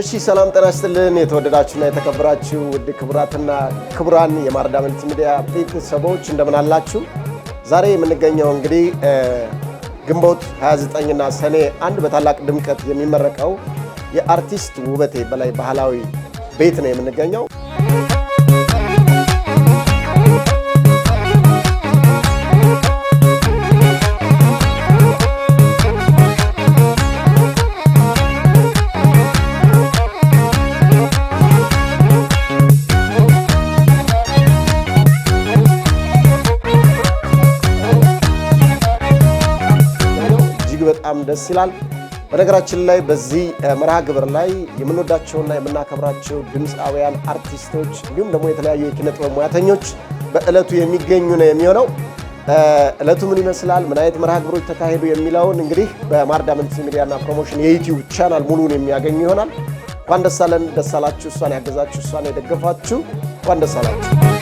እሺ ሰላም ጤና ይስጥልን። የተወደዳችሁና የተከበራችሁ ውድ ክቡራትና ክቡራን የማረዳ መልቲ ሚዲያ ቤተሰቦች እንደምን አላችሁ? ዛሬ የምንገኘው እንግዲህ ግንቦት 29ና ሰኔ አንድ በታላቅ ድምቀት የሚመረቀው የአርቲስት ውበቴ በላይ ባህላዊ ቤት ነው የምንገኘው። እጅግ በጣም ደስ ይላል። በነገራችን ላይ በዚህ መርሃ ግብር ላይ የምንወዳቸውና የምናከብራቸው ድምፃውያን፣ አርቲስቶች እንዲሁም ደግሞ የተለያዩ የኪነ ሙያተኞች በእለቱ የሚገኙ ነው የሚሆነው። እለቱ ምን ይመስላል፣ ምን አይነት መርሃ ግብሮች ተካሄዱ የሚለውን እንግዲህ በማርዳ መልቲ ሚዲያና ፕሮሞሽን የዩቲዩብ ቻናል ሙሉን የሚያገኙ ይሆናል። እንኳን ደስ አለን፣ ደስ አላችሁ። እሷን ያገዛችሁ፣ እሷን የደገፋችሁ እንኳን ደስ አላችሁ።